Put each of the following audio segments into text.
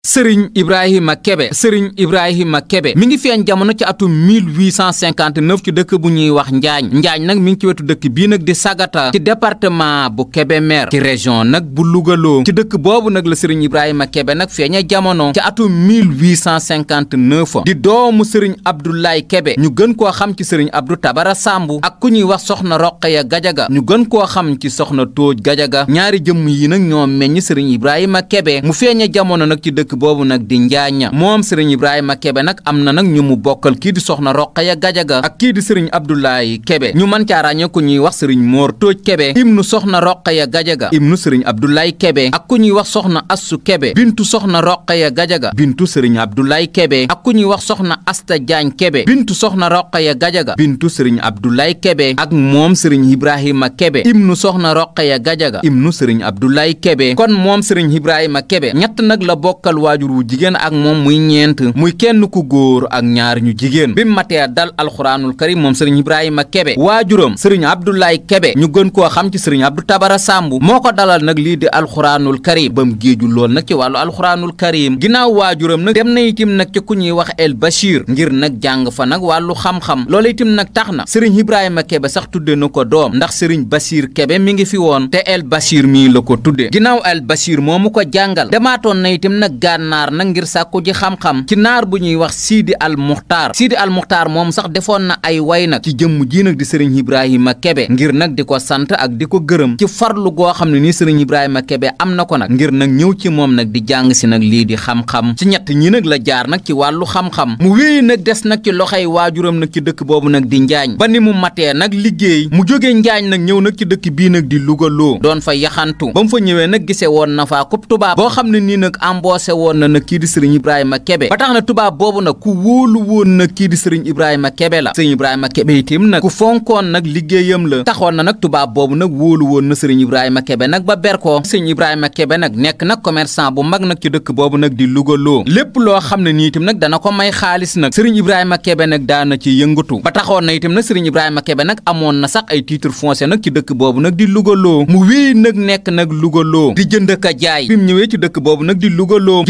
sëriñ ibrahima kebe sëriñ ibrahima kebe mi ngi feeñ jamono ci atum 1859 ci dëkk bu ñuy wax njaañ njaañ nag mi ngi ci wetu dëkk bii nag di sagata ci département bu Kébémer ci région nag bu lugaloo ci dëkk boobu nag la sëriñ ibrahima kebe nag feeña jamono ci atum 1859 di doomu sëriñ abdoulaye kebe ñu gën koo xam ci sëriñ abdu tabara sàmbu ak ku ñuy wax soxna roqaya gajaga ñu gën koo xam ci soxna tóoj gajaga ñaari jëmm yii nag ñoo meññ sëriñ ibrahima kebe mu jamono nag ci dëkk boobu nag di njaaña moom sëriñ Ibrahima Kebe nag am na nag ñu mu bokkal kii di soxna Roqaya Gajaga ak kii di sëriñ Abdoulaye Kebe ñu mën caa ràññee ku ñuy wax sëriñ Moor Tooj Kebe ibnu soxna Roqaya Gajaga ibnu sëriñ Abdoulaye Kebe ak ku ñuy wax soxna Assu Kebe bintu soxna Roqaya Gajaga bintu sëriñ Abdoulaye Kebe ak ku ñuy wax soxna Asta Jaañ Kebe bintu soxna Roqaya Gajaga bintu sëriñ Abdoulaye Kebe ak moom sëriñ Ibrahima Kebe ibnu soxna Roqaya Gajaga ibnu sëriñ Abdoulaye Kebe kon moom sëriñ Ibrahima Kebe ñett nag la bokkal waajur wu jigéen ak moom muy ñeent muy kenn ku góor ak ñaar ñu jigéen bi mu matee dal alxuraanul karim moom sëriñ Ibrahima Kebe waajuram sëriñ Abdoulaye Kebe ñu gën koo xam ci sëriñ Abdou Tabara sàmbu moo ko dalal nag lii di alxuraanul karim ba mu géeju lool nag ci wàllu alxuraanul karim ginnaaw waajuram nag dem na itim nag ci ku ñuy wax El Bachir ngir nag jàng fa nag wàllu xam-xam loolu itim nag tax na sëriñ Ibrahima Kebe sax tudde nu ko doom ndax sëriñ Bachir Kebe mi ngi fi woon te El Bachir mii la ko tudde ginnaaw El gànnaar nag ngir sàkku ji xam-xam ci naar bu ñuy wax Sidi al Muxtaar Sidi al Muxtaar moom sax defoon na ay way nag ci jëmm ji nag di sëriñ Ibrahima Kebe ngir nag di ko sant ak di ko gërëm ci farlu goo xam ne nii sëriñ Ibrahima Kebe am na ko nag ngir nag ñëw ci moom nag di jàng si nag lii di xam-xam ci ñett ñi nag la jaar nag ci wàllu xam-xam mu wéy nag des nag ci loxoy waajuram nag ci dëkk boobu nag di njaañ ba ni mu matee nag liggéey mu jógee njaañ nag ñëw nag ci dëkk bii nag di Louga loo doon fa yaxantu ba mu fa ñëwee nag gise woon na faa kub tubaab boo xam ne nii nag embauché woon na nag kii di sëriñ Ibrahima Kebe ba tax na tubaab boobu nag ku wóolu woon na kii di sëriñ Ibrahima Kebe la sëriñ Ibrahima Kebe nag ku fonkoon nag liggéeyam la taxoon na nag tubaab boobu nag wóolu woon na sëriñ Ibrahima Kebe nag ba ber ko sëriñ Kebe nag nekk nag commerçant bu mag nag ci dëkk boobu nag di Louga loo lépp loo xam ne nii itam nag dana ko may xaalis nag sëriñ Ibrahima Kebe nag daana ci yëngatu ba taxoon na itam na sëriñ Ibrahima Kebe nag amoon na sax ay titre foncier ci dëkk boobu nag di Louga loo mu wéy nag nekk nag Louga loo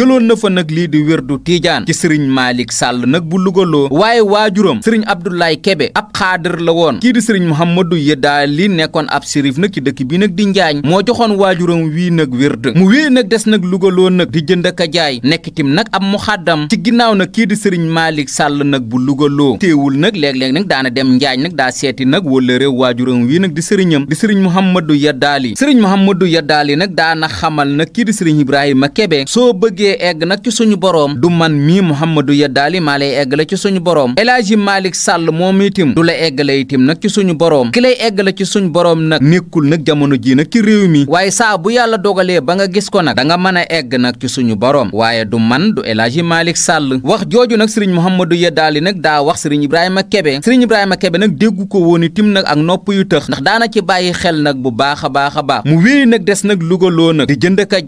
jëloon na fa nag lii di du tiijaan ci sëriñ maalik sàll nag bu lugaloo waaye waajuram sëriñ Abdoulaye Kebe ab xaadar la woon kii di sëriñ Mouhamadou Yedali nekkoon ab sérif nag ci dëkk bii nag di njaañ moo joxoon waajuram wii nag wérd mu wéy nag des nag lugaloo nag di jënd ak a jaay nekkitim nag ab muxaddam ci ginnaaw nag kii di sëriñ Malick sàll nag bu lugaloo teewul nag léeg-léeg nag daana dem njaañ nag daa seeti nag wala réew waajuram wii nag di sëriñam di sëriñ Mouhamadou Yedali sëriñ Mouhamadou Yedali nag daana xamal nag kii di sëriñ Ibrahima Kebe soo bëggee bëggee egg nag ci suñu boroom du man mii Mouhamadou Yadaali maa lay egg la ci suñu boroom El Hadji Malick Sall moom itim du la egg la itim nag ci suñu boroom ki lay egg la ci suñu boroom nag nekkul nag jamono ji nag ci réew mi waaye saa bu yàlla dogalee ba nga gis ko nag da nga mën a egg nag ci suñu boroom waaye du man du El Hadji sàll wax jooju nag sëriñ Mouhamadou Yadaali nag daa wax sëriñ Ibrahima Kebe sëriñ Ibrahima Kebe nag déggu ko woon itim nag ak nopp yu tëx ndax daana ci bàyyi xel nag bu baax a baax mu wéy nag des nag lugaloo nag di jënd ka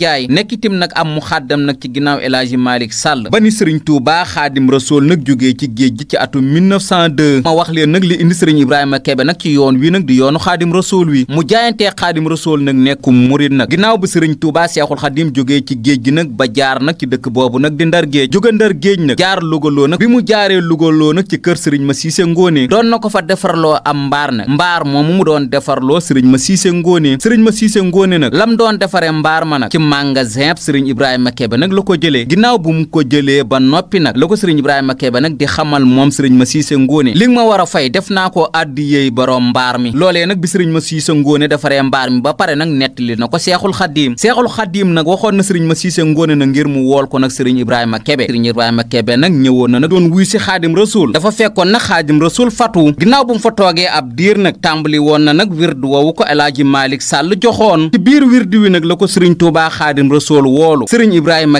ginnaaw El Hadji Malick Sall ba ni Serigne Touba Xaadim Rasool nag jógee ci géej gi ci atum 1902 ma wax leen nag li indi Serigne Ibrahima Kebe nag ci yoon wi nag di yoonu Xaadim Rasool wi mu jaayantee Xaadim Rasool nag nekku murid nag ginnaaw bi Serigne Touba Seexul Xaadim jógee ci géej gi nag ba jaar nag ci dëkk boobu nag di ndar géej jóge ndar géej nag jaar lugaloo nag bi mu jaaree lugaloo nag ci kër Serigne ma siise ngóone doon na ko fa defarloo am mbaar nag mbaar moomu mu doon defarloo Serigne ma siise ngóone Serigne ma siise ngóone nag lam doon defaree mbaar ma nag ci magasin Serigne Ibrahima Kebe nag nag la ko jëlee ginnaaw bu mu ko jëlee ba noppi nag la ko sëriñ Ibrahima Kebe nag di xamal moom sëriñ ma siise ngóone li nga ma war a fay def naa ko àddi yéey boroom mbaar mi loolee nag bi sëriñ ma siise ngoone defaree mbaar mi ba pare nag nettali na ko seexul xaddiim seexul xaddiim nag waxoon na sëriñ ma siise ngoone na ngir mu wool ko nag sëriñ Ibrahima Kebe sëriñ Ibrahima Kebe nag ñëwoon na nag doon wuy si xaadim rasuul dafa fekkoon nag xaadim rasuul fatu ginnaaw bu mu fa toogee ab diir nag tàmbali woon na nag wirdu woowu ko Alaaji Maalik Sàll joxoon biir wirdu wi nag la ko sëriñ Tuubaa xaadim rasuul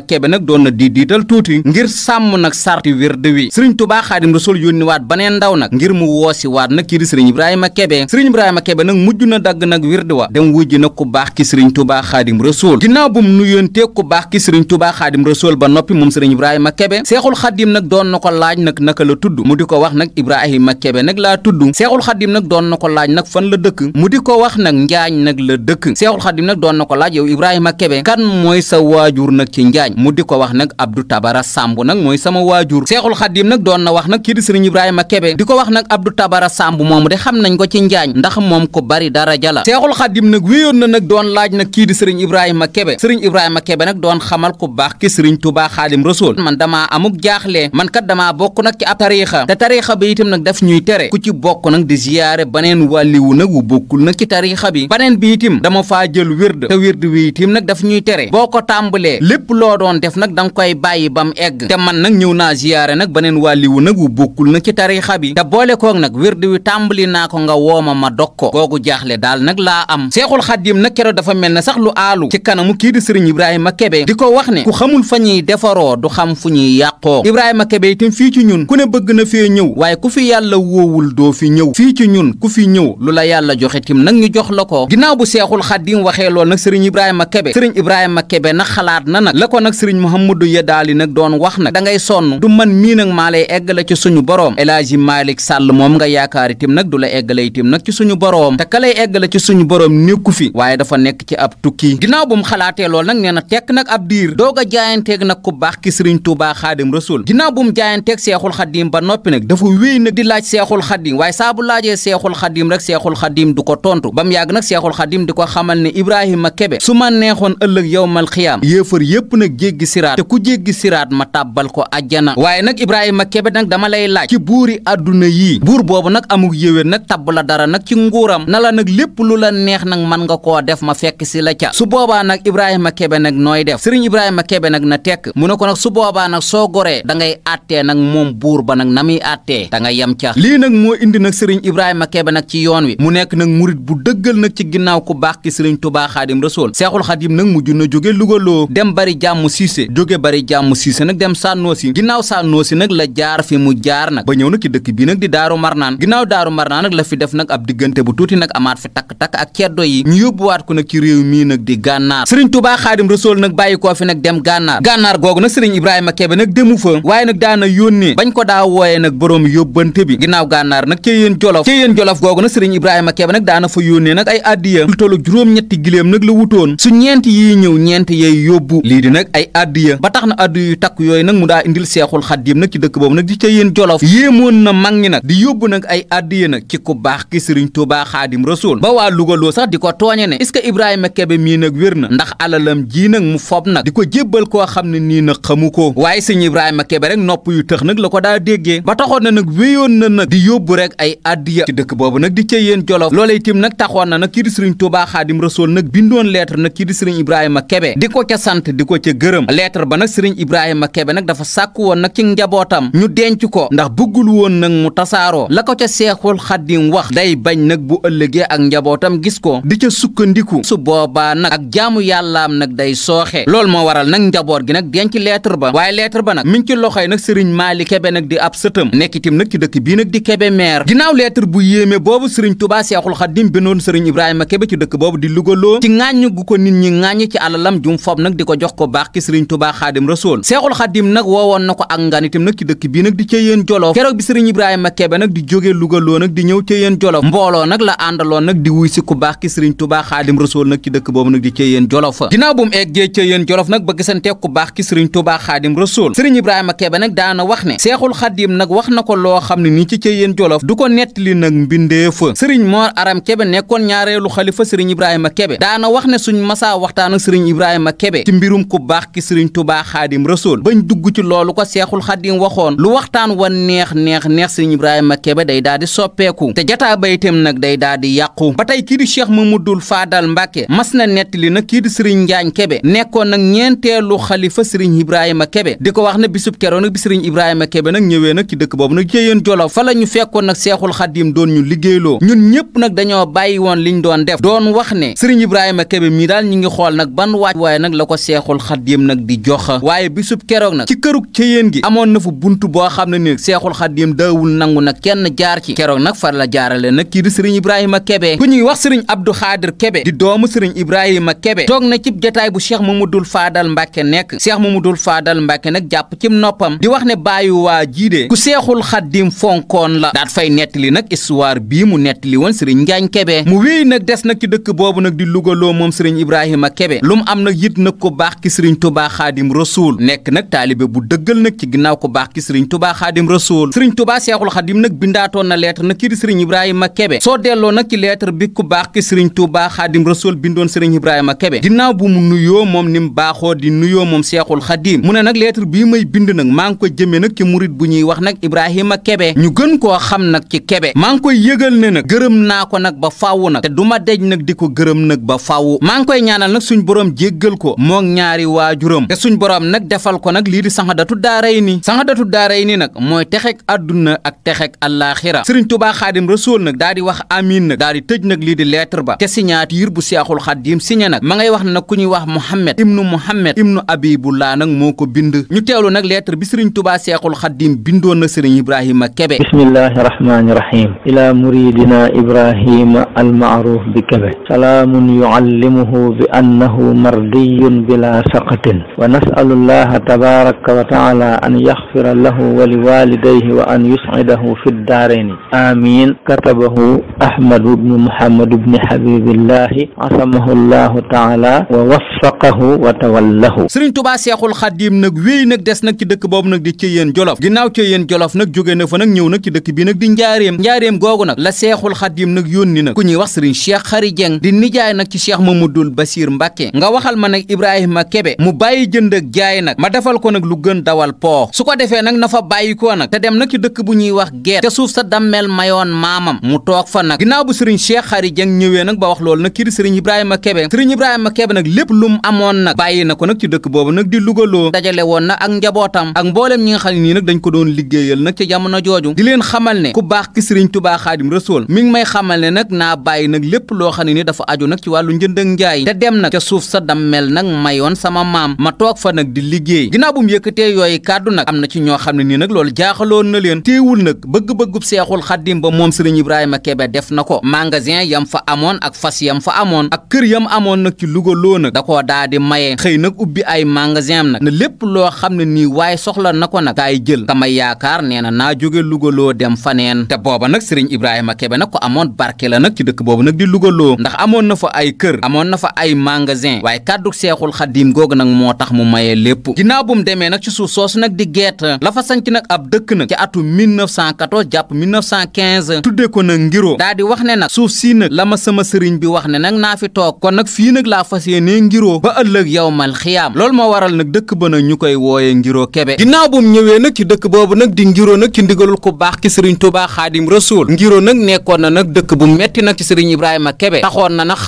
Kebe nag doon na di diital tuuti ngir sàmm nag sarti wird wi sëriñ Tuubaa Xaadim Rasuul yónni waat baneen ndaw nag ngir mu woosi waat nag kii di sëriñ Ibrahima Kebe sëriñ Ibrahima Kebe nag mujj na dagg nag wird wa dem wujji nag ku baax ki sëriñ Tuubaa Xaadim Rasuul ginnaaw bu mu nuyoontee baax ki sëriñ Tuubaa Xaadim Rasuul ba noppi moom sëriñ Ibrahima Kebe Seexul Xaadim nag doon na ko laaj nag naka la tudd mu di ko wax nag Ibrahima Kebe nag laa tudd Seexul Xaadim nag na ko laaj la dëkk mu di ko wax nag njaañ nag la mu di ko wax nag ab du Tabara Samb nag mooy sama waajur Seexul Xaddim nag doon na wax nag kii di Sëriñ Ibrahima Kebe di ko wax nag Abdou Tabara Samb moomu de xam nañ ko ci njaañ ndax moom ko bari daraja la Seexul Xaddim nag wéyoon na nag doon laaj nag kii di Sëriñ Ibrahima Kebe Sëriñ Ibrahima Kebe nag doon xamal ku baax ki Sëriñ Tuubaa Xaadim Rasuul man damaa amuk jaaxle man kat damaa bokk nag ci ab tariixa te tariixa bi itam nag daf ñuy tere ku ci bokk nag di ziyaare baneen wàlliwu nag wu bokkul nag ci tariixa bi baneen bi itim dama faa jël wird te wird wi itim nag daf ñuy tere boo ko tàmbalee lépp loo doon def nag da koy bàyyi ba mu egg te man nag ñëw naa ziyaare nag beneen wàlliwu nag wu bokkul nag ci tariixa bi te boole koog nag wirdi wi tàmbali naa ko nga wooma ma dog ko googu jaaxle daal nag laa am seexul xaddim nag kero dafa mel ne sax lu aalu ci kanamu kii di sëriñ ibrahima kebe di ko wax ne ku xamul fa ñuy defaroo du xam fu ñuy yàqoo ibrahima kebe itam fii ci ñun ku ne bëgg na fee ñëw waaye ku fi yàlla wóowul doo fi ñëw fii ci ñun ku fi ñëw lu la yàlla joxe tim nag ñu jox la ko ginnaaw bu seexul xaddim waxee lool nag sëriñ ibrahima kebe sëriñ ibrahima kebe nag xalaat na nag la ko nag nag sëriñ Mouhamadou Yadaali nag doon wax nag dangay ngay sonn du man mii nag maa lay eggale ci suñu boroom El Hadji Malick Sall moom nga yaakaar itam nag du la eggale itam nag ci suñu boroom te ka lay eggale ci suñu boroom nekku fi waaye dafa nekk ci ab tukki ginnaaw bu mu xalaatee lool nag nee na tekk nag ab diir doog a jaayanteeg nag ku baax ki sëriñ Touba Xaadim Rasul ginnaaw bu mu jaayanteeg Seexul Xadim ba noppi nag dafa wéy nag di laaj Seexul Xadim waaye saa bu laajee Seexul Xadim rek Seexul Xadim du ko tontu ba mu yàgg nag Seexul Xadim di ko xamal ne Ibrahima Kebe su ma neexoon ëllëg yowmal xiyaam jéggi siraat te ku jéggi siraat ma tàbbal ko ajjana waaye nag Ibrahima Kebe nag dama lay laaj ci buuri àdduna yii buur boobu nag amuk yéwén nag tabb la dara nag ci nguuram na la nag lépp lu la neex nag man nga koo def ma fekk si la ca su boobaa nag Ibrahima Kebe nag nooy def sëriñ Ibrahima Kebe nag na tekk mu ne ko nag su boobaa nag soo goree dangay ngay àttee nag moom buur ba nag na muy àttee da nga yem ca lii nag moo indi nag sëriñ Ibrahima Kebe nag ci yoon wi mu nekk nag murit bu dëggal nag ci ginnaaw ku baax ki sëriñ Tubaa Xaadim Rasuul Cissé jóge bari jàmm Cissé nag dem Sànnoosi ginnaaw Sànnoosi nag la jaar fi mu jaar nag ba ñëw nag ci dëkk bii nag di Daaru Marnaan ginnaaw Daaru Marnaan nag la fi def nag ab diggante bu tuuti nag amaat fi takk-takk ak ceddo yi ñu waat ko nag ci réew mii nag di gànnaar sëriñ Tuubaa Xaadim Rasuul nag bàyyi koo fi nag dem gànnaar gànnaar googu na sëriñ Ibrahima Kebe nag demu fa waaye nag daana yónnee bañ ko daa wooye nag boroom yóbbante bi ginnaaw gànnaar nag cee yéen jolof cee yéen jolof googu nag sëriñ Ibrahima Kebe nag daana fa yónnee nag ay addiya lu tollu juróom-ñetti giléem nag la wutoon su ñeent yi ñëw ñeent yey yóbbu lii di nag ay addiya ba tax na addiya yu takk yooyu nag mu daa indil seexul xaddiim nag ci dëkk boobu nag di ca yéen jolof yéemoon nag la ko daa déggee ba taxoon na nag wéyoon na nag di yóbbu rek ay addiya ci dëkk boobu nag di ca yéen jolof loola itam nag taxoon bindoon lettre nag kii di sëriñ Ibrahima Kebe di ko ca sant di ko ca gër dërëm lettre ba nag sëriñ Ibrahima Kebe nag dafa sàkku woon nag ci njabootam ñu denc ko ndax bëggul woon nag mu tasaaroo la ko ca seexul xaddim wax day bañ nag bu ëllëgee ak njabootam gis ko di ca sukkandiku su boobaa nag ak jaamu yàllaam nag day sooxe lool moo waral nag njaboot gi nag denc lettre ba waaye lettre ba nag mi ngi ci loxoy nag sëriñ Maali Kebe nag di ab sëtam nekk itam nag ci dëkk bii nag di Kebe maire ginnaaw lettre bu yéeme boobu sëriñ Tuubaa seexul xaddim bindoon sëriñ Ibrahima Kebe ci dëkk boobu ci ŋàññ gu ko nit ñi ŋàññ ci alalam jum fob nag di ko ki sëriñ tubaa xaadim rasool seexul xaadim nag woowoon na ko ak ngan nag ci dëkk bii nag di ca jolof keroog bi sëriñ ibrahima kebe nag di jógee lugaloo nag di ñëw ca jolof mbooloo nag la àndaloon nag di wuy si ku baax ki sëriñ tubaa xaadim rasool nag ci dëkk boobu nag di ca jolof ginnaaw bu mu eggee jolof nag ba gisante ku baax ki sëriñ tubaa xaadim rasool sëriñ ibrahima kebe nag daana wax ne seexul xaadim nag wax na ko loo xam ne nii ci ca yéen jolof du ko nettali nag mbindeefa sëriñ moor aram kebe nekkoon ñaareelu xalifa sëriñ ibrahima kebe daana wax ne suñ masaa waxtaan ak sëriñ ibrahima kebe ci baax ki sëriñ tubaa xaadim rasul bañ dugg ci loolu ko seexul xadim waxoon lu waxtaan wa neex neex neex sëriñ ibrahima kebe day daal di soppeeku te jataa bayitam nag day daal di yàqu ba tey kii di cheikh mamadul faadal mbàkke mas na nettali nag kii di sëriñ njaañ kebe nekkoon nag ñeenteelu xalifa sëriñ ibrahima kebe di ko wax na bisub keroo nag bi sëriñ ibrahima kebe nag ñëwee nag ci dëkk boobu nag jéyeen jolof fa la ñu fekkoon nag seexul xadim doon ñu liggéeyloo ñun ñëpp nag dañoo bàyyi woon liñ doon def doon wax ne sëriñ ibrahima kebe mii daal ñi ngi xool nag ban waaj waaye nag la xaddiim nag di joxa waaye bisub keroog nag ci kërug cëyeen gi amoon na fu bunt boo xam ne ni seexul xaddiim daawul nangu nag kenn jaar ci keroog nag far la jaarale nag kii di sëriñ ibrahima kebe ku ñuy wax sëriñ abdu xaadir kebe di doomu sëriñ ibrahima kebe toog na cib jataay bu mu dul faadal mbàkke nekk mu dul faadal mbàkke nag jàpp cim noppam di wax ne bàyyu waa jiidee ku seexul xaddiim fonkoon la daat fay nettali nag histoire bii mu nettali woon sëriñ njaañ kebe mu wéy nag des nag ci dëkk boobu nag di lugaloo moom sëriñ ibrahima Touba Xaadim Rasuul nekk nag taalibe bu dëggal nag ci ginnaaw ko baax ki Serigne Touba Xaadim Rasuul Serigne Touba Seexul Xaadim nag bindaatoon na lettre nag kii di Serigne Ibrahima Kebe soo delloo nag ci lettre bi ku baax ki Serigne Touba Xaadim Rasuul bindoon Serigne Ibrahima Kebe ginnaaw bu mu nuyoo moom ni mu baaxoo di nuyoo moom Seexul Xaadim mu ne nag lettre bii may bind nag maa ngi ko jëmee nag ci murit bu ñuy wax nag Ibrahima Kebe ñu gën koo xam nag ci Kebe maa ngi ne nag gërëm naa ko nag ba faaw nag te du ma dej nag di ko gërëm nag ba faaw maa ngi koy ñaanal nag suñ borom jéggal ko moog ñaari waa waajuram te suñ boroom nag defal ko nag lii di sanxadatu daaray ni sanxadatu daaray ni nag mooy texek àdduna ak texek àllaaxira sëriñ tubaa xaadim rasool nag daa di wax amiin nag daa di tëj nag lii di lettre ba te signature bu seexul xaadim signé nag ma ngay wax nag ku ñuy wax Mohammed ibnu Mohammed ibnu Abibullah nag moo ko bind ñu teewlu nag lettre bi sëriñ tubaa seexul xaadim bindoon na sëriñ Ibrahima Kebe bismillahi rahmani rahim ila muridina ibrahima almaaruf bi kebe salaamun yuallimuhu bi annahu mardiyun bila saqat باطل ونسأل الله تبارك وتعالى أن يغفر له ولوالديه وأن يسعده في الدارين آمين كتبه أحمد بن محمد بن حبيب الله عصمه الله تعالى ووفقه وتوله Sëriñ Tuubaa Seexul Xadiim nag wéy nag des nag ci dëkk boobu nag di Ceyeen Jolof ginnaaw Ceyeen Jolof nag jóge na fa nag ñëw nag ci dëkk bi nag di Njaareem Njaareem googu nag la Seexul Xadiim nag yónni nag ku ñuy wax Sëriñ Cheikh Xari Jeng di nijaay nag ci Cheikh Mamadul Basiir Mbàkke nga waxal ma nag Ibrahima Kebe mu mu bàyyi jënd ak jaay nag ma defal ko nag lu gën dawal poox su ko defee nag na fa nag dem nag ci dëkk bu ñuy wax geet suuf sa dammel mayoon maamam mu toog fa nag ginnaaw bu sëriñ Cheikh Khary ñëwee nag ba wax loolu nag kii di sëriñ Ibrahima Kebe sëriñ Ibrahima Kebe nag lépp lu mu amoon nag na ko nag ci dëkk boobu nag di lugaloo woon na ak njabootam ak mbooleem ñi nga xam ne nii nag dañ ko doon liggéeyal nag ci jooju di leen xamal ne ku baax ki sëriñ Tuubaa Xaadim Rasuul mi ngi may xamal ne nag naa bàyyi nag lépp loo xam ne ni dafa ajo nag ci wàllu njënd ak njaay te dem nag ca suuf sa dammel nag mayoon sama maam maam ma toog fa nag di liggéey ginnaaw bu mu yëkkatee yooyu kàddu nag am na ci ñoo xam ne nii nag loolu jaaxaloon na leen téewul nag bëgg-bëggub seexul xaddim ba moom sëriñ Ibrahima Kebe def na ko magasin yam fa amoon ak fas yam fa amoon ak kër yam amoon nag ci Louga loo nag da koo daa di maye xëy nag ubbi ay magasin am nag lépp loo xam ne nii waaye soxla na ko nag kaay jël kama yaakaar nee na naa jóge Louga loo dem faneen te booba nag sërëñ Ibrahima Kebe nag amoon barke la nag ci dëkk boobu nag di Louga loo ndax amoon na fa ay nag moo tax mu maye lépp ginnaaw bu mu demee nag ci suuf soosu nag di geet la fa nag ab dëkk nag ci atu jàpp 1915 ko nag ngiro daa wax ne nag suuf sii nag la ma sama sëriñ bi wax ne nag naa fi toog kon nag fii nag laa fas yéenee ngiroo ba ëllëg yow mal xiyaam loolu moo waral nag dëkk ba nag ñu koy wooye ngiroo kebe ginnaaw bu mu ñëwee nag ci dëkk boobu nag di ngiroo nag ci ndigalul ku baax ki sëriñ Tuubaa xaadim rasuul ngiroo nag nekkoon nag dëkk bu metti nag ci sëriñ Ibrahima Kebe taxoon na nag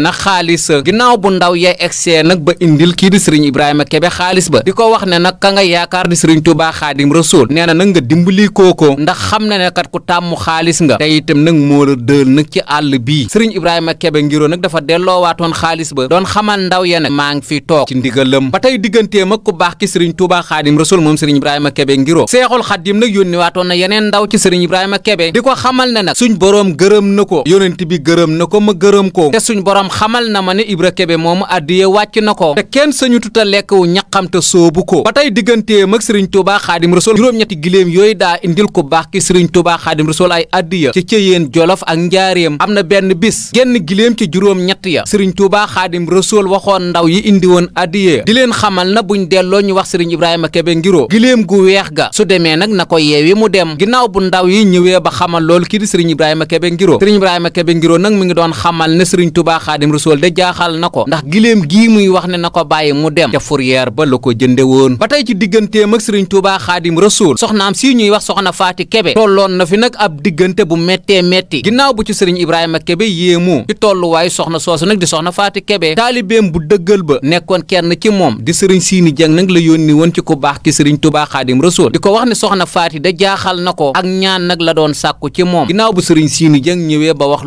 egsee nag xaalis ginnaaw bu ndaw yee egsee nag ba indil kii di sëriñ Ibrahima Kebe xaalis ba di ko wax ne nag ka nga yaakaar di sëriñ Tuubaa Xaadim Rasuul nee na nag nga dimbali kooko ndax xam na ne kat ku tàmmu xaalis nga te itam nag moo la dël nag ci àll bii sëriñ Ibrahima Kebe ngiroo nag dafa delloowaatoon xaalis ba doon xamal ndaw ya ne maa ngi fi toog ci ndigalam ba tey digganteem ak ku baax ki sëriñ Tuubaa Xaadim Rasuul moom sëriñ Ibrahima Kebe ngiroo Seexul Xaadim nag yónniwaatoon na yeneen ndaw ci sëriñ Ibrahima Kebe di ko xamal ne suñ boroom gërëm na ko yonent bi gërëm na ko ma gërëm ko xamal na ma ne Ibra Kebe moomu àddiye wàcc na ko te kenn sañu tuta lekk wu ñaqam te soobu ko ba tey digganteem ak Serigne Touba Xaadim Rasul juróom-ñetti giléem yooyu daa indil ko baax ki Serigne Touba Xaadim Rasul ay àddiya ci cëyeen Jolof ak njaareem am na benn bis genn giléem ci juróom-ñett ya Serigne Touba Xaadim Rasul waxoon ndaw yi indi woon àddiye di leen xamal na buñ delloo ñu wax sëriñ Ibrahima Kebe ngiro giléem gu weex ga su demee nag na ko yeewi mu dem ginnaaw bu ndaw yi ñëwee ba xamal loolu kii di Serigne Ibrahima Kebe ngiro Serigne Ibrahima Kebe ngiro nag mi ngi doon xamal ne Serigne Touba da rasul de jaaxal na ko ndax giléem gii muy wax ne na ko bàyyi mu dem ca fourrière ba la ko jënde woon ba tey ci digganteem ak sëriñ Tuubaa xaadim rasul soxnaam sii ñuy wax soxna faati kebe tolloon na fi nag ab diggante bu méttee metti ginnaaw bu ci sëriñ ibrahima kebe yéemu ci tolluwaay soxna soosu nag di soxna faati kebe taalibeem bu dëggal ba nekkoon kenn ci moom di sëriñ siini jang nag la yónni woon ci ku baax ki sëriñ Tuubaa xaadim rasul di ko wax ne soxna faati da jaaxal na ko ak ñaan nag la doon sàkku ci moom ginnaaw bu sëriñ siini jang ñëwee ba wax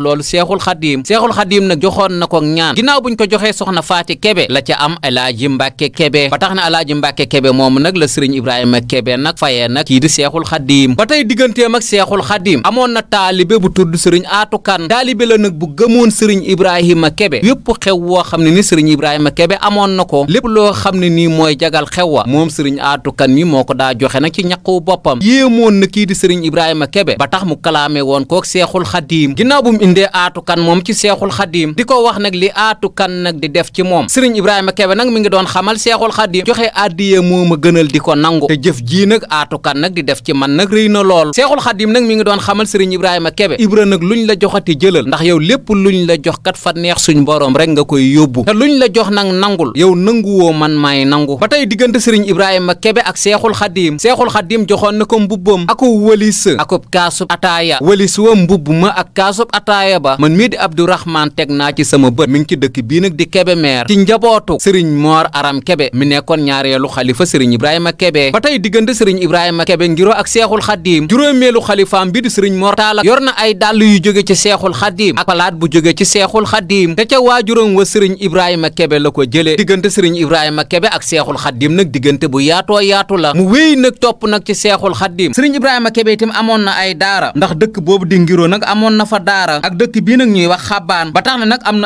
na ko ñaan ginnaaw ko joxee soxna faati kebe la ca am alaaji mbàkke kebe ba tax na alaaji mbàkke kebe moomu nag la sëriñ ibrahima kebe nag fayee nag kii di seexul xadiim ba tey digganteem ak seexul xadiim amoon na taalibe bu tudd sëriñ aatu kan taalibe la nag bu gëmoon sëriñ ibrahima kebe yépp xew woo xam ne ni sëriñ ibrahima kebe amoon na ko lépp loo xam ne nii mooy jagal xew wa moom sëriñ aatu kan mi moo ko daa joxe nag ci ñaqu boppam yéemoon na kii di sëriñ ibrahima kebe ba tax mu kalaame woon kook seexul xadiim ginnaaw moom ci wax nag li aatu kan nag di def ci moom sëriñ Ibrahima Kebe nag mi ngi doon xamal seexul xaddim joxe addiye ma gënal di ko nangu te jëf jii nag aatu kan nag di def ci man nag rëy na lool seexul xaddim nag mi ngi doon xamal sëriñ Ibrahima Kebe Ibra nag luñ la joxati jëlal ndax yow lépp luñ la jox kat fa neex suñ borom rek nga koy yóbbu te luñ la jox nag nangul yow nanguwoo man maay nangu ba tey diggante sëriñ Ibrahima Kebe ak seexul xaddim seexul xaddim joxoon na ko mbubbam ako wëlis akub kaasub ataaya wëlis wa mbubb ma ak kaasub ataaya ba man mii di Abdourahman teg naa ci sama sama bët mi ngi ci dëkk bii nag di Kébémer ci njabootu sëriñ Mor Aram Kébé mi nekkoon ñaareelu xalifa sëriñ Ibrahima Kébé ba tey diggante sëriñ Ibrahima Kébé ngiro ak Seexul Xaddiim juróomeelu xalifaam bi di sëriñ Mor Talla yor na ay dàll yu jóge ci Seexul Xaddiim ak palaat bu jóge ci Seexul Xaddiim te ca waajuram wa sëriñ Ibrahima Kébé la ko jëlee diggante sëriñ Ibrahima Kébé ak Seexul Xaddiim nag diggante bu yaato yaatu la mu wéy nag topp nag ci Seexul Xaddiim sëriñ Ibrahima Kébé amoon na ay daara ndax dëkk boobu di ngiro na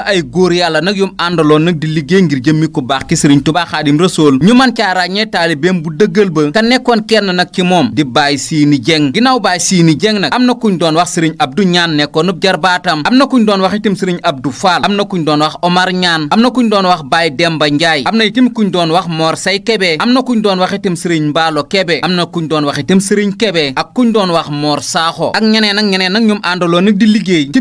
ay góor yàlla nag yum àndaloon nag di liggéey ngir jëmmi ku baax ki sëriñ Tuubaa Xaadim Rasuul ñu mën caa ràññee taalibeem bu dëggal ba te nekkoon kenn nag ci moom di Baay Siini Jeng ginnaaw Baay Siini Jeng nag am na kuñ doon wax sëriñ Abdu Ñaan nekkoonub jarbaatam am na kuñ doon wax itam sëriñ du Faal am na kuñ doon wax Omar Ñaan am na kuñ doon wax Baay Demba Njaay am na itam kuñ doon wax Moor Say Kebe am na kuñ doon wax itam sëriñ Mbaalo Kebe am na kuñ doon wax itam sëriñ Kebe ak kuñ doon wax Moor Saaxo ak ñeneen ak ñeneen nag ñum àndaloon nag di liggéey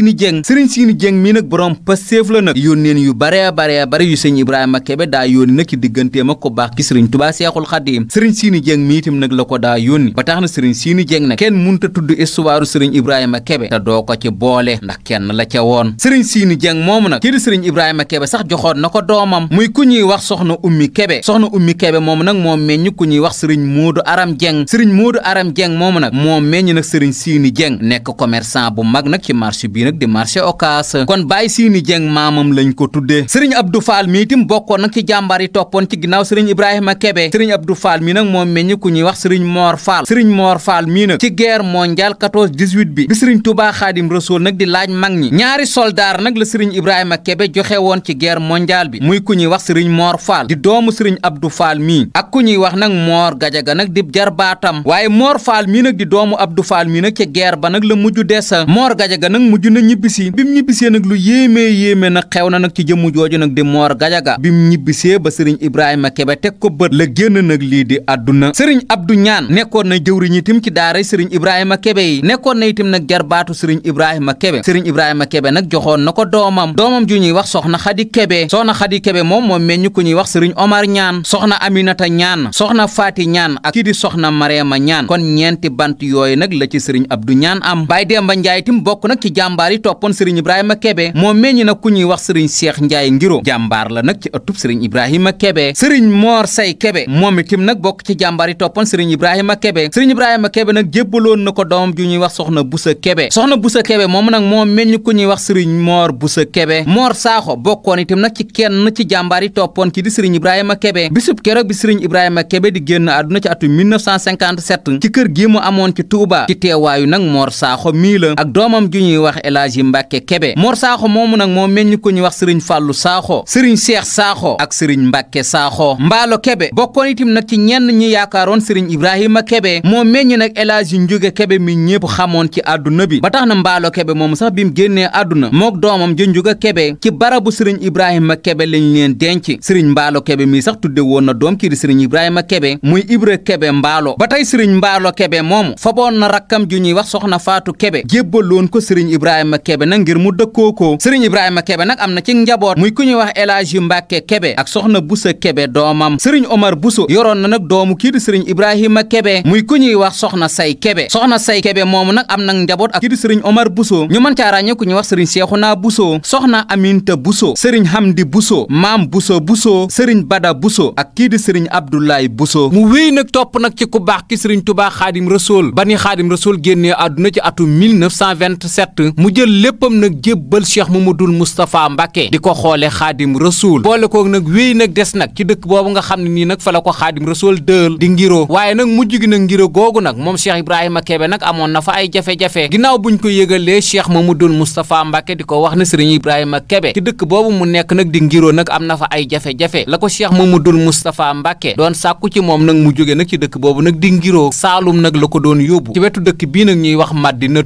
Sini Dieng Serigne mii nag borom Pastef la nag yónneen yu bare bare bare yu sëñ Ibrahima Kebe daa yónni nag ci digganteem ak ko baax ki Serigne Touba Seexul Xadiim Serigne Sini Dieng mii itam nag la ko daa yónni ba tax na Serigne Sini Dieng nag kenn munta tudd histoire Serigne Ibrahima Kebe te doo ko ci boole ndax kenn la ca woon Serigne Sini Dieng moomu nag kii di Serigne Ibrahima Kebe sax joxoon na ko doomam muy ku ñuy wax soxna Ummi Kebe soxna Ummi Kebe moomu nag moo meññ ku ñuy wax Serigne Modou Aram Dieng Serigne Modou Aram Dieng moomu nag moo meññ nag Serigne Sini Dieng nekk commerçant bu mag nag ci marché bi nag di marché Ocass kon Baye Sini Dieng maamam lañ ko tuddee Serigne Abdou Fall mi itam bokkoon nag ci jàmbaar yi toppoon ci ginnaaw Serigne Ibrahima Kebe Serigne Abdou Fall mi nag moom meññ ku ñuy wax Serigne Mor Fall Serigne Mor Fall mii nag ci guerre mondiale 14 18 bi bi Serigne Touba Xaadim nag di laaj mag ñi ñaari soldaar nag la Serigne Ibrahima Kebe joxe woon ci guerre mondiale bi muy ku ñuy wax Serigne Mor Fall di doomu Serigne Abdou Fall mii ak ku ñuy wax nag Mor Gajaga nag di jarbaatam waaye Mor Fall mii di doomu Abdou Fall mii la ñibbisi bi mu ñibbisee nag lu yéemee yéeme nag xew na nag ci jëmm jooju nag di Mor Gajaga bi mu ñibbisee ba sëriñ Ibrahima Kebe teg ko bët la génn nag lii di àdduna sëriñ Abdou Ñaan nekkoon na jëwriñ itam ci daara sëriñ Ibrahima Kebe yi nekkoon na itam nag jarbaatu sëriñ Ibrahima Kebe sëriñ Ibrahima Kebe nag joxoon na ko doomam doomam ju ñuy wax soxna Xadi Kebe soxna Xadi Kebe moom moom meññu ku ñuy wax sëriñ Omar Ñaan soxna Aminata Ñaan soxna Faati Ñaan ak kii di soxna Marema Ñaan kon ñeenti bant yooyu nag la ci sëriñ Abdou Ñaan am Baay Demba Njaay itam bokk nag ci jàmbaar daal di toppoon sëriñ Ibrahima Kebe moo meññ na ku ñuy wax sëriñ Cheikh Ndiaye Ngiro jàmbaar la nag ci ëttub sëriñ Ibrahima Kebe sëriñ Mor Say Kebe moom itam nag bokk ci jàmbaar yi toppoon sëriñ Ibrahima Kebe sëriñ Ibrahima Kebe nag jébbaloon na ko doomam ju ñuy wax soxna Busa Kebe soxna Busa Kebe moom nag moo meññ ku ñuy wax sëriñ Mor Busa Kebe moor Saaxo bokkoon itam nag ci kenn ci jàmbaar yi toppoon ki di sëriñ Ibrahima Kebe bisub keroog bi sëriñ Ibrahima Kebe di génn àdduna ci atu 1957 ci kër gi mu amoon ci Touba ci teewaayu nag Mor Saaxo mii la ak doomam ju ñuy wax Alaaji Mbàkke Kebe Mor Saaxo moomu nag moo meññ ko ñu wax sëriñ Fàllu Saaxo sëriñ Seex Saaxo ak sëriñ Mbàkke Saaxo Mbaalo Kebe bokkoon itam nag ci ñenn ñi yaakaaroon sëriñ Ibrahima Kebe moo meññ nag Alaaji Njuge Kebe mi ñépp xamoon ci àdduna bi ba tax na Mbaalo Kebe moomu sax bi mu génnee àdduna mook doomam ja Njuge Kebe ci barabu sëriñ Ibrahima Kebe lañ leen denc sëriñ Mbaalo Kebe mi sax tudde woon na doom kii di sëriñ Ibrahima Kebe muy Ibra Kebe Mbaalo ba tey sëriñ Mbaalo Kebe moomu faboon na rakkam ju ñuy wax soxna ko sëriñ Ibrahima Ibrahima Kebe nag ngir mu dëkkoo ko sëriñ Ibrahima Kebe nag am na ci njaboot muy ku ñuy wax El Hadji Mbacke Kebe ak soxna Boussa Kebe doomam sëriñ Omar Bousso yoroon na nag doomu kii di sëriñ Ibrahima Kebe muy ku ñuy wax soxna Say Kebe soxna Say Kebe moomu nag am na njaboot ak kii di sëriñ Omar Bousso ñu mën caa ku ñuy wax sëriñ Cheikhouna Bousso soxna Aminta Bousso sëriñ Hamdi Bousso maam Bousso Bousso sëriñ Bada Bousso ak kii di sëriñ Abdoulaye Bousso mu wéy nag topp nag ci ku baax ki sëriñ Touba Xaadim Rasool jël léppam nag jébbal cheikh dul moustapha mbàkke di ko xoole xaadim rasuul boole ko nag wéy nag des nag ci dëkk boobu nga xam ne nii nag fa la ko xaadim rasuul dël di ngiro waaye nag mu gi nag ngiro googu nag moom cheikh ibrahima kebe nag amoon na fa ay jafe-jafe ginnaaw ñu ko yëgalee cheikh mamadul moustapha mbàkke di ko wax ne sëriñ ibrahima kebe ci dëkk boobu mu nekk nag di ngiro nag am na fa ay jafe-jafe la ko cheikh mamadul moustapha mbàkke doon sàkku ci moom nag mu jóge nag ci dëkk boobu nag di ngiroo saalum nag la ko doon yóbbu dëkk bii nag ñuy wax madina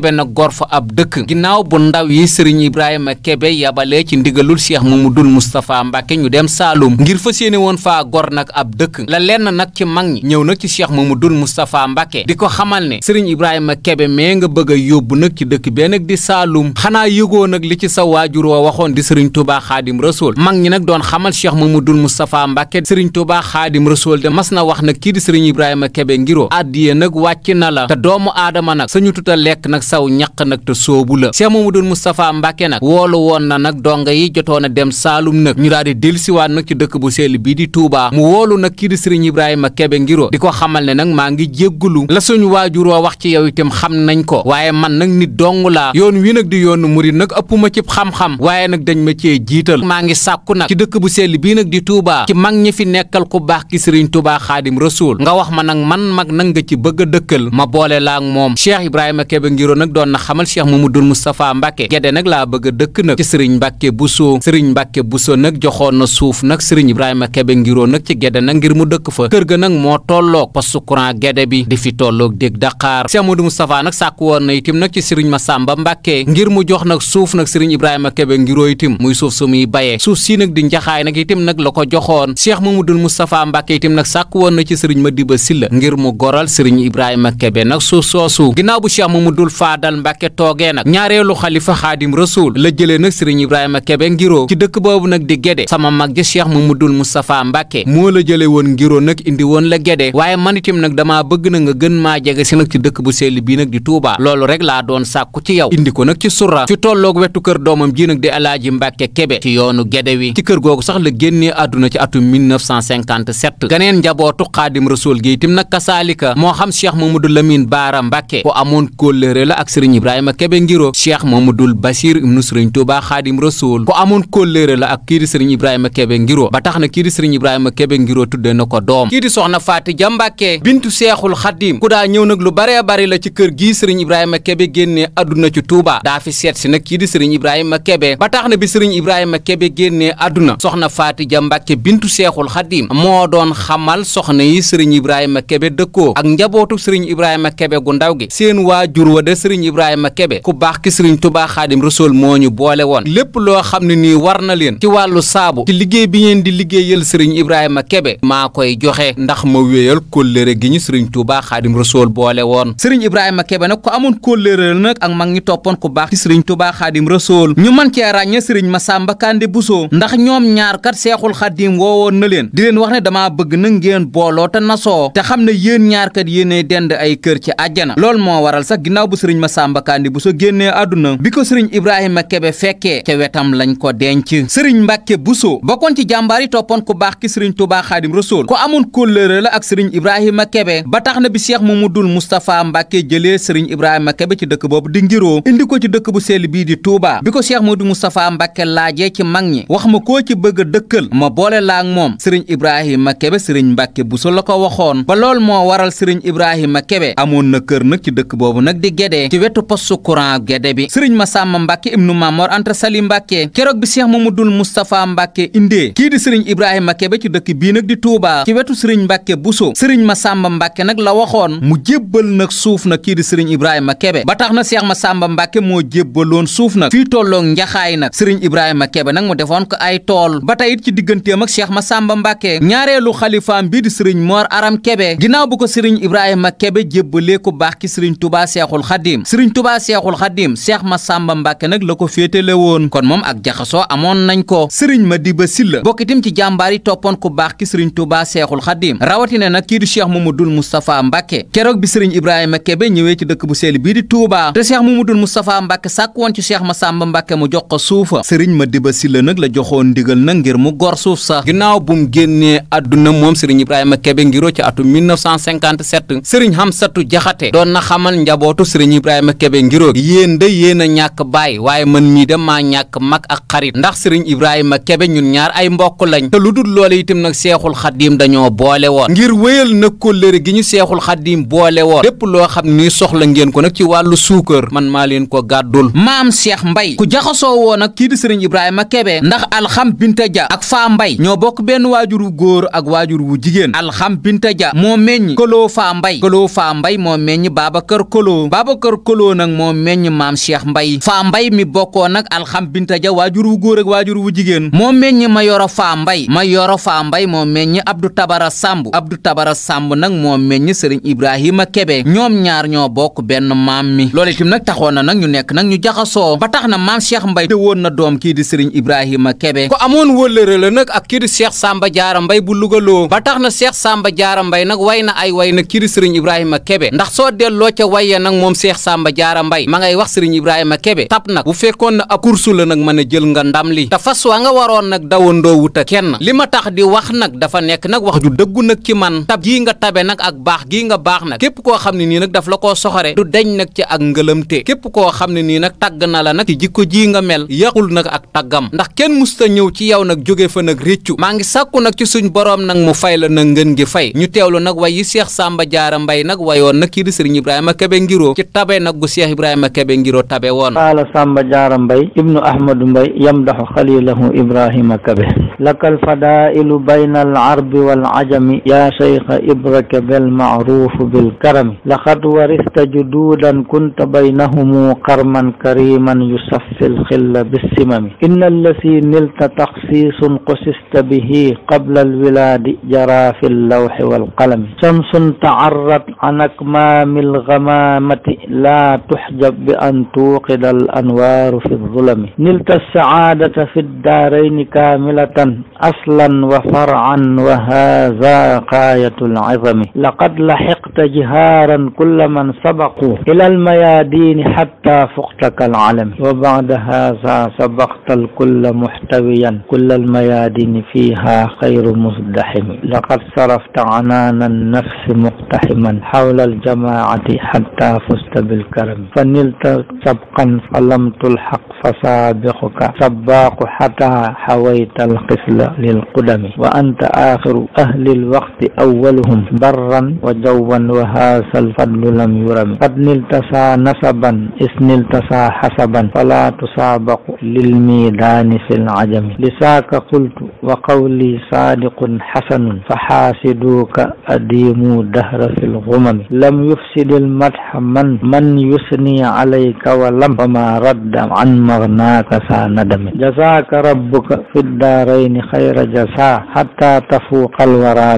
Kebe na gor fa ab dëkk ginnaaw bu ndaw yi sëriñ Ibrahima Kebe yabalee ci ndigalul Cheikh dul Moustapha Mbacke ñu dem Saalum ngir fa yéene woon faa gor nag ab dëkk la lenn nag ci mag ñi ñëw nag ci Cheikh Mamadou Moustapha mbakke di ko xamal ne sëriñ Ibrahima Kebe mee nga bëgg yóbbu nag ci dëkk bee nag di Saalum xanaa yëgoo nag li ci sa waajur wa waxoon di sëriñ Touba Xaadim Rasool mag ñi nag doon xamal Cheikh Mamadou Moustapha Mbacke sëriñ Touba Xaadim Rasool de mas na di sëriñ Ibrahima Kebe ngiroo addiye na la te doomu aadama nag sañu tuta saw ñaq nag te soobu la Cheikh Mamadou Moustapha Mbacke nag woolu woon na nag donga yi jotoon a dem Saalum nag ñu daal di dellusiwaat nag ci dëkk bu sell bii di tuubaa mu woolu nag kii di Serigne Ibrahima Kebe Ngiro di ko xamal ne nag maa ngi jéggulu la suñu waajuroo wax ci yow itam xam nañ ko waaye man nag nit dong laa yoon wi nag di yoonu murit nag ëpp ma cib xam-xam waaye nag dañ ma cee jiital maa ngi sàkku nag ci dëkk bu sell bii nag di tuubaa ci mag ñi fi nekkal ku baax ki Serigne Touba Xaadim Rasuul nga wax ma nag man mag nag nga ci bëgg dëkkal ma boole moom Cheikh Ibrahima Kebe Ngiro Biro nag doon na xamal Cheikh Mamadou Moustapha Mbacke Guédé nag laa bëgg a dëkk nag ci Serigne Mbacke Bousso Serigne Mbacke Bousso nag joxoon na suuf nag Serigne Ibrahima Kebe ngiroo nag ci Guédé nag ngir mu dëkk fa kër ga nag moo tolloog poste courant Guédé bi di fi tolloog dég Dakar Cheikh Mamadou Moustapha nag sàkk woon na itim nag ci Serigne Massamba Mbacke ngir mu jox nag suuf nag Serigne Ibrahima Kebe Ngiro itim muy suuf su muy bayee suuf si nag di njaxaay nag itim nag la ko joxoon Cheikh Mamadou Moustapha Mbacke itim nag sàkk woon na ci Serigne Madiba Silla ngir mu goral Serigne Ibrahima Kebe nag suuf soosu ginnaaw bu Cheikh Mamadou Faadal Mbàkke toogee nag ñaareelu xalifa xaadim rasuul la jëlee nag sëriñ Ibrahima Kebe ngiroo ci dëkk boobu nag di Gédé sama mag ji Cheikh Mamadul Moustapha Mbàkke moo la jëlee woon ngiroo nag indi woon la Gédé waaye man itam nag dama bëgg na nga gën maa jege si nag ci dëkk bu sell bii nag di Touba loolu rek laa doon sàkku ci yow indi ko nag ci surra fi tolloog wetu kër doomam ji nag di Alaaji Mbàkke Kebe ci yoonu Gédé wi ci kër googu sax la génnee àdduna ci atum 1957 ganeen njabootu xaadim rasuul gi itam nag kasaalika moo xam Cheikh Mamadou Lamine la ak sëriñ Ibrahima Kebe Ngiro Cheikh Mamadul Bachir ibnu sëriñ Touba Xaadim Rasul ku amoon kóllëre la ak kii di sëriñ Ibrahima Kebe Ngiro ba tax na kii di sëriñ Ibrahima Kebe Ngiro tudde na ko doom kii di soxna Faati Ja Mbàkke bintu Seexul Xaadim ku daa ñëw nag lu baree bari la ci kër gii sëriñ Ibrahima Kebe génnee àdduna ci Touba daa fi seet si nag kii di sëriñ Ibrahima Kebe ba tax na bi sëriñ Ibrahima Kebe génnee àdduna soxna Faati Ja Mbàkke bintu Seexul Xaadim moo doon xamal soxna yi sëriñ Ibrahima Kebe dëkkoo ak njabootu sëriñ Ibrahima Kebe gu ndaw gi seen waajur wa sëriñ Ibrahima Kebe ku baax ki sëriñ Tuubaa Xaadim Rasuul moo ñu boole woon lépp loo xam ne nii war na leen ci wàllu saabu ci liggéey bi ngeen di liggéeyal sëriñ Ibrahima Kebe maa koy joxe ndax ma wéyal kóllëre gi ñu sëriñ Tuubaa Xaadim Rasuul boole woon sëriñ Ibrahima Kebe na ko amoon kóllëre nag ak mag ñi toppoon ku baax ki sëriñ Tuubaa Xaadim Rasuul ñu mën cee ràññe sëriñ Masamba Kande Buso ndax ñoom ñaar kat Seexul Xaadim woowoon na leen di leen wax ne damaa bëgg na ngeen booloo te nasoo te xam ne yéen ñaar kat yéenay dend ay kër ci sëriñ Masamba Kandi Bousso génnee àdduna bi ko sëriñ Ibrahima Kebe fekkee ca ko denc sëriñ Mbàkke Bousso bokkoon ci jàmbaar yi toppoon ku baax ki sëriñ Touba Xaadim Rasuul ko amoon kóllëre la ak sëriñ Ibrahima Kebe ba tax na bi Cheikh Mamadul Moustapha Mbàkke jëlee sëriñ Ibrahima Kebe ci dëkk boobu di ngiroo indi ko ci dëkk bu sell bii di bi ko Cheikh Mamadou Moustapha Mbàkke laajee ci mag ñi wax ma koo ci bëgg a dëkkal ma boole laa ak moom sëriñ Ibrahima Kebe sëriñ Mbàkke Bousso la ko waxoon ba lool moo waral sëriñ Ibrahima Kebe amoon na kër nag ci dëkk boobu nag di Gédé foofee ci wetu postu courant gedde bi sëriñ Masamba Mbàkke ibnu Mamor Anta Sali Mbàkke keroog bi Cheikh Mamadul Moustapha Mbàkke indee kii di sëriñ Ibrahima Kebe ci dëkk bii nag di Touba ci wetu sëriñ Mbàkke Buso sëriñ Masamba Mbàkke nag la waxoon mu jébbal nag suuf na kii di sëriñ Ibrahima Kebe ba tax na Cheikh Masamba Mbàkke moo jébbaloon suuf nag fii tolloog njaxaay nag sëriñ Ibrahima Kebe nag mu defoon ko ay tool ba tey ci digganteem ak seex ma Mbàkke ñaareelu xalifaam bii di sëriñ Mor Aram Kebe ginnaaw bu xaddiim sëriñ tubaa seexul xaddiim seex ma sàmba mbàkke nag la ko féetale woon kon moom ak jaxasoo amoon nañ ko sëriñ ma di ba silla bokkitim ci jàmbaar yi toppoon ku baax ki sëriñ tubaa seexul xaddiim rawatina nag kii di cheikh mamadul moustapha mbàkke keroog bi sëriñ ibrahima kebe ñëwee ci dëkk bu seel bii di tuubaa te cheikh mamadul moustapha mbàkke sàkk woon ci cheikh ma sàmba mbàkke mu jox ko suufa sëriñ ma diba silla nag la joxoon ndigal nag ngir mu go suuf sa ginnaaw bu mu génnee àdduna moom sëriñ ibrahima kebe ngiroo ci atum 1957 sëriñ hamsatu jaxate doon na xamal njabootu sëriñ Ibrahima Kebe Ngiroog yéen de yéen a ñàkk baay waaye man mii de maa ñàkk mag ak xarit ndax sëriñ Ibrahima Kebe ñun ñaar ay mbokk lañ te lu dul loole itam nag seexul xaddiim dañoo boole woon ngir wéyal nag kóllëre gi ñu seexul xaddiim boole woon lépp loo xam ni soxla ngeen ko nag ci wàllu suukar man maa leen ko gàddul maam seex Mbay ku jaxasoo woon nag kii di sëriñ Ibrahima Kebe ndax alxam binta ja ak faa mbay ñoo bokk benn waajur wu góor ak waajur wu jigéen alxam binta moo meññ Babacar Kolo nag moo meññ maam Cheikh Mbay faa mbay mi bokkoon nag alxam binta ja waajur wu góor ak waajur wu jigéen moo meññ ma yoro faa mbay ma yoro faa mbay moo meññ Abdou Tabara Samb Abdou Tabara Samb nag moom meññ Serigne Ibrahima Kebe ñoom ñaar ñoo bokk benn maam mi loolu itam nag taxoon na nag ñu nekk nag ñu jaxasoo ba tax na maam Cheikh Mbay te woon na doom kii di Serigne Ibrahima Kebe ko amoon wëllëre la nag ak kii di Samba Jaara Mbay bu lugaloo ba tax na Cheikh Samba Jaara Mbay nag way na ay way nag kii di Cheikh Samba Diarra Mbaye ma ngay wax Serigne Ibrahima Kebe tab nag bu fekkoon na ab kursu la nag mën a jël nga ndam li te fas wa nga waroon nag dawandoo wuta kenn li ma tax di wax nag dafa nekk nag wax ju dëggu nag ci man tab gii nga tabe nag ak baax gii nga baax nag képp koo xam ne nii nag daf la koo soxore du deñ nag ci ak ngëlamte képp koo xam ne nii nag tagg na la nag ci jikko jii nga mel yaxul nag ak taggam ndax kenn musta ñëw ci yow nag jóge fa nag réccu maa ngi sàkku nag ci suñ boroom nag mu fay la nag ngën gi fay ñu teewlu nag way yi Cheikh Samba Diarra tabe naggu cheikh ibrahima keɓe ngiro tabe woon qaala samba diara mbay ibnu ahmadou mbay yamdahu khalilahu ibrahima keɓe lakal fadailu bayna al arbi wal ajami ya cheikha ibra keɓe al maarufu bil karami laqad warista jududan kunta baynahumu qarman kariman yusaffi al xilla bissimami inna allasi nilta taxsiisun qusista bihi qabla al wilaadi jara fi al lawxi wal qalami shamsun taarrat an akmaami al gamaamati laa tuxjab bi an tuuqida al anwaaru fi zulami nilta sacaadata fi daarayni kaamilatan aslan wa far'an wa haza gaayatul azami laqad laxiqta jihaaran kulla man sabaqu ila almayadini xatta fuqtaka alalami wa bacda haza sabaqta alkulla muxtawiyan kulla almayadini fiha xayru musdaximi laqad sarafta canaana annafsi muqtaximan xawla aljamaacati xatta fusta bilkarami fa nilta sabqan falam tulxaq fa saabiquka sabaaqu xataa xawayta alqisla الأولى للقدم وأنت آخر أهل الوقت أولهم برا وجوا وهذا الفضل لم يرم قد نلت سا نسبا إذ نلت سا حسبا فلا تسابق للميدان في العجم لساك قلت وقولي صادق حسن فحاسدوك أديم دهر في الغمم لم يفسد المدح من من يثني عليك ولم وما رد عن مغناك سا ندم جزاك ربك في الدارين خير xayra jasa xatta tafuuqal wara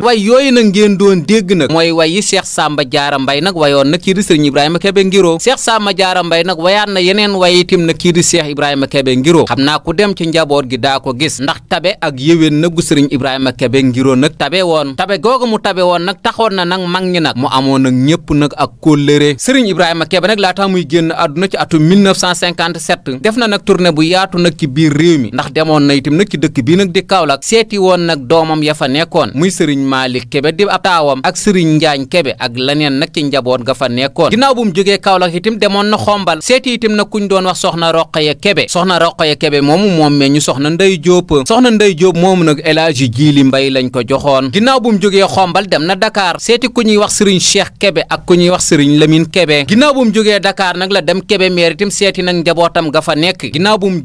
way yooyu nag ngeen doon dégg nag mooy way yi seex Samba Diarra Mbaye nag wayoon nag kii di Serigne Ibrahima Kebe Ngiro Cheikh Samba Diarra Mbaye nag wayaat na yeneen way itim nag kii di Cheikh Ibrahima Kebe Ngiro xam naa ku dem ci njaboot gi daa ko gis ndax tabe ak yéwén nagu Serigne Ibrahima Kebe Ngiro nag tabe woon tabe googu mu tabe woon nag taxoon na nag mag ñi nag mu amoon nag ñëpp nag ak kóllëre Serigne Ibrahima Kebe nag laata muy génn àdduna ci atum def na itam nag ci dëkk bi nag di Kaolack seeti woon nag doomam ya fa nekkoon muy sëriñ Malick Kebe di ab taawam ak sëriñ Njaañ Kebe ak laneen nag ci njaboot ga fa nekkoon ginnaaw bu mu jógee Kaolack itam demoon na xombal seeti itam nag kuñ doon wax soxna Roqaya Kebe soxna Roqaya Kebe moomu moom mee ñu soxna Ndey Jóob soxna Ndey Jóob moomu nag El Hadji Jiili Mbay lañ ko joxoon ginnaaw bu mu jógee xombal dem na Dakar seeti ku ñuy wax sëriñ Cheikh Kebe ak ku ñuy wax sëriñ Lamine Kebe ginnaaw bu mu jógee Dakar la dem Kebe meer itam seeti nag njabootam ga fa nekk ginnaaw bu mu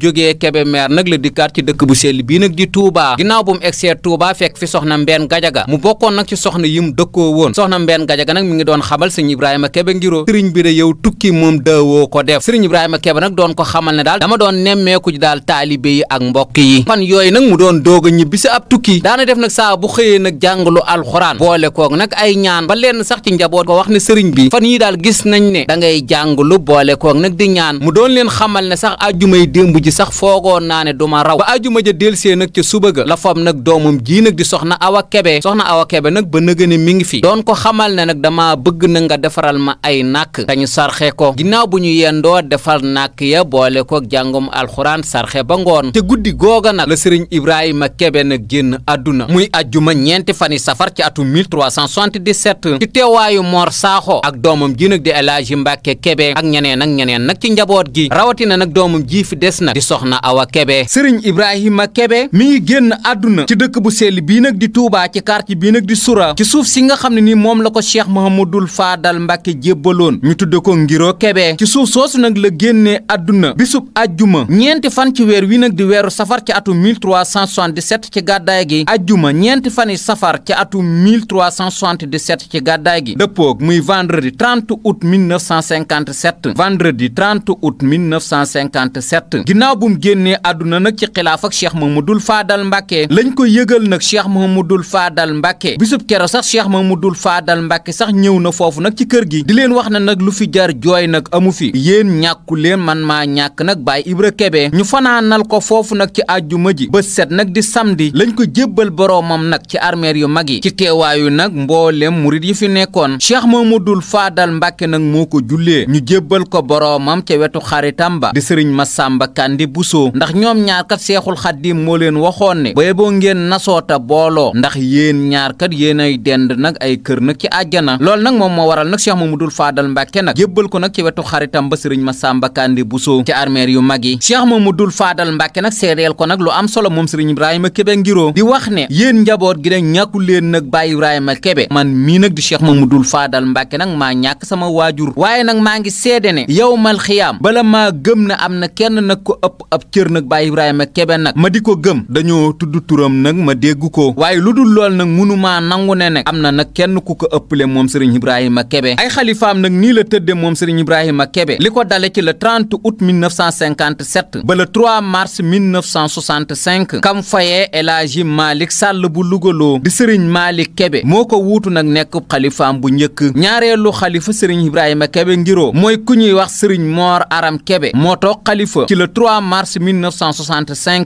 dëkk bu sell bii nag di Touba ginnaaw bu mu egsee Touba fekk fi soxna Mbène Gadiaga mu bokkoon nag ci soxna yi dëkkoo woon soxna Mbène Gadiaga nag mi ngi doon xamal sëñ Ibrahima Kebe ngiroo sëriñ bi da yow tukki moom daawoo ko def sëriñ Ibrahima Kebe nag doon ko xamal ne daal dama doon nemmeeku ji daal taalibe yi ak mbokk yi fan yooyu nag mu doon doog a ñibbi si ab tukki daana def nag saa bu xëyee nag alxuraan boole koog nag ay ñaan ba lenn sax ci njaboot ko da ngay jàngalu boole koog nag di ñaan mu doon leen xamal ne sax àjjumay démb ji sax foogoon naa ne duma raw ajuma ja delsee nag ca suba ga la fam nag doomam jii nag di soxna Awa Kebe soxna Awa Kebe nag ba nëgëni mi ngi fi doon ko xamal na nag dama bëgg na nga defaral ma ay nàkk dañu sarxe ko ginnaaw bu ñu yendoo defar nàkk ya boole ko jàngum alxuraan sarxe ba ngoon te guddi googa nag la sëriñ Ibrahima Kebe nag génn adduna muy ajuma ñeenti fan yi safar ci atum 1377 ci teewaayu Mor Saaxo ak doomam ji nag di El Mbàkke Kebe ak ñeneen ak ñeneen nag ci njaboot gi rawatina nag doomam ji fi des nag Ibrahima Kebe mi ngi génn adduna ci dëkk bu sell bii nag di tuubaa ci quartier bii nag di Soura ci suuf si nga xam ne nii moom la ko Cheikh Mahamadul Faadal Mbàkke jébbaloon ñu tudde ko ngiroo Kebe ci suuf soosu nag la génnee àdduna bisub ajjuma ñeenti fan ci weer wii nag di weeru safar ci atum 1377 ci gàddaay gi ajjuma ñeenti fan yi safar ci atum 1377 ci gàddaay gi dëppoog muy vendredi 30 août 1957 vendredi 30 août 1957 ginnaaw bu mu génnee àdduna nag ci xilaaf Xalifaaf ak Cheikh Mamadul Faadal Mbàkke lañ ko yëgal nag mu dul Faadal Mbàkke bisub kero sax Cheikh dul Faadal Mbàkke sax ñëw na foofu nag ci kër gi di leen wax na nag lu fi jar jooy nag amu fi yéen ñàkku leen man ma ñàkk nag Baay Ibra Kebe ñu fanaanal ko foofu nag ci àjjuma ji bés set nag di samdi lañ ko jébbal boroomam nag ci armeer yu mag yi ci teewaayu nag mboolem murit yi fi nekkoon mu dul Faadal Mbàkke nag moo ko jullee ñu jébbal ko boroomam ca wetu xaritam ba di sëriñ Masamba Kandi Buso seexul xaddiim moo leen waxoon ne ba boo ngeen nasoota booloo ndax yéen ñaar kat yéen ay dend nag ay kër nag ci àjjana loolu nag moom moo waral nag Cheikh Mamadou Fadal Mbàkke nag jébbal ko nag ci wetu xaritam ba sëriñ Massamba Kandi Bousso ci armeer yu mag yi Cheikh Mamadou Fadal Mbàkke nag seedeel ko nag lu am solo moom sëriñ Ibrahima Kebe Ngiro di wax ne yéen njaboot gi nag ñàkku leen nag Baay Ibrahima Kebe man mii nag di mu dul faadal Mbàkke nag maa ñàkk sama waajur waaye nag maa ngi seede ne yow mal xiyaam bala maa gëm na am na kenn nag ko ëpp ab cër nag Baay Ibrahima Kebe kawe nag ma di ko gëm dañoo tudd turam nag ma dégg ko waaye lu dul lool nag munumaa nangu ne nag am na na kenn ku ko ëppale moom sëriñ Ibrahima Kebe ay xalifaam nag nii la tëdde moom sëriñ Ibrahima Kebe li ko dale ci le 30 août 1957 ba le 3 mars 1965 kam fayee El Hadji Malick Sall bu lugaloo di sëriñ Malick Kebe moo ko wuutu nag nekk xalifaam bu njëkk ñaareelu xalifa sëriñ Ibrahima Kebe ngiro mooy ku ñuy wax sëriñ Mor Aram Kebe moo toog xalifa ci le mars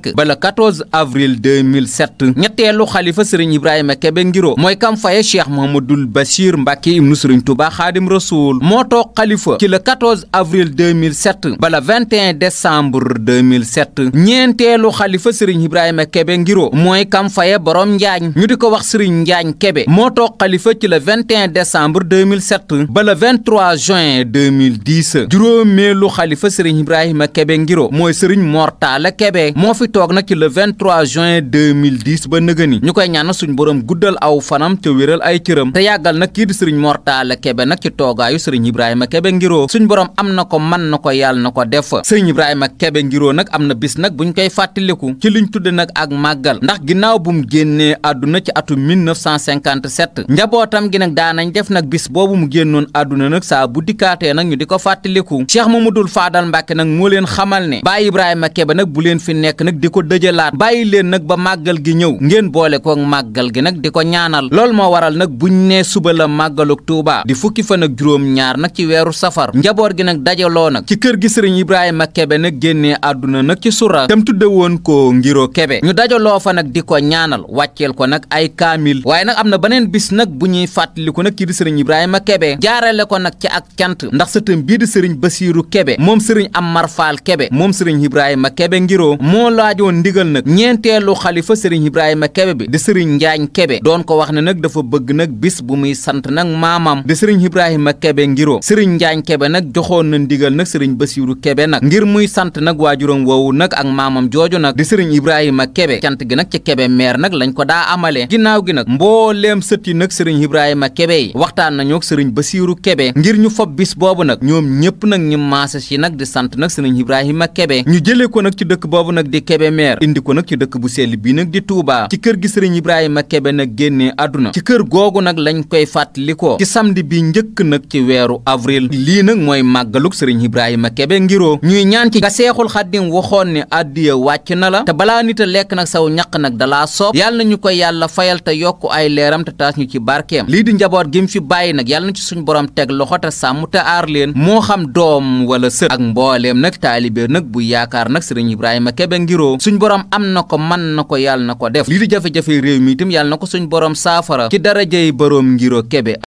2005 ba le 14 avril 2007 ñetteelu xalifa sëriñ Ibrahima Kebe Ngiro mooy kam faye Cheikh Mouhamadoul Bachir Mbacke ibnu sëriñ Touba Xaadim Rasoul moo too xalifa ci le 14 avril 2007 ba le 21 décembre 2007 ñeenteelu xalifa sëriñ Ibrahima Kebe Ngiro mooy kam faye borom Njaañ ñu di ko wax sëriñ Njaañ Kebe moo toog xalifa ci le 21 décembre 2007 ba le 23 juin 2010 juróomeelu xalifa sëriñ Ibrahima Kebe Ngiro mooy sëriñ Mortala Kebe moo fi toog nag ci le 23 juin 2010 ba nëgëni ñu koy ñaanal suñ borom guddal aw fanam te wéral ay cëram te yàggal nag kii di sëriñ Mortalla Kebe nag ci toogaayu sëriñ Ibrahima Kebe ngiroo suñ borom am na ko man na ko yàlla na ko def sëriñ Ibrahima Kebe ngiroo nag am na bis nag bu ñu koy fàttaliku ci lu liñ tudde nag ak màggal ndax ginnaaw bu mu génnee àdduna ci atum 1957 njabootam gi nag daanañ def nag bis boobu mu génnoon àdduna nag saa bu dikkaatee nag ñu di ko fàttaliku Cheikh Mamadou Fadal Mbàkke nag moo leen xamal ne Baay Ibrahima Kebe bu leen fi nekk nag di ko dëjalaat bàyyi leen nag ba màggal gi ñëw ngeen boole ko màggal gi nag di ko ñaanal lool moo waral nag buñ nee suba la màggalug Tuuba di fukki fan ak juróom ñaar nag ci weeru safar njaboot gi nag dajaloo nag ci kër gi sëriñ Ibrahima Kebe nag génnee àdduna nag ci sura tam tudde woon ko ngiro Kebe ñu dajaloo fa nag di ko ñaanal wàcceel ko nag ay kaamil waaye nag am na beneen bis nag bu ñuy fàttaliku nag kii di sëriñ Ibrahima Kebe jaarale ko nag ci ak cant ndax sëtam bii di sëriñ Kebe moom sëriñ Amar Faal Kebe moom sëriñ Ibrahima Kebe ngiro laajoon ndigal nag ñeenteelu xalifa sëriñ Ibrahima Kebe bi di sëriñ Njaañ Kebe doon ko wax ne nag dafa bëgg nag bis bu muy sant nag maamam di sëriñ Ibrahima Kebe ngiroo sëriñ Njaañ Kebe nag joxoon na ndigal nag sëriñ Basiiru Kebe nag ngir muy sant nag waajuram woowu nag ak maamam jooju nag di sëriñ Ibrahima Kebe cant gi nag ci Kebe meer nag lañ ko daa amalee ginnaaw gi nag mbooleem sët yi nag sëriñ Ibrahima Kebe yi waxtaan nañu ak sëriñ Basiiru Kebe ngir ñu fob bis boobu nag ñoom ñëpp nag ñu maase si nag di sant nag sëriñ Ibrahima Kebe ñu jëlee ko nag ci dëkk boobu nag di Kébémer indi ko nag ci dëkk bu sell bii nag di Touba ci kër gi sëriñ Ibrahima Kébé nag génnee àdduna ci kër googu nag lañ koy fàttalikoo ci samedi bi njëkk nag ci weeru avril lii nag mooy màggaluk sëriñ Ibrahima Kébé ngiroo ñuy ñaan ci ga seexul xaddim waxoon ne addiya wàcc na la te balaa nit a lekk nag saw ñaq nag dalaa soob yàlla na ñu ko yàlla fayal te yokk ay leeram te taas ñu ci barkeem lii di njaboot gi mu fi bàyyi nag yàlla na ci suñ borom teg loxo te sàmm te aar leen moo xam doom wala sët ak nag niiroo suñ borom am na ko man na ko yàlla na ko def lii di jafe-jafe réew mi itam yàlla na ko suñ borom ki dara darajey boroom ngiro kebe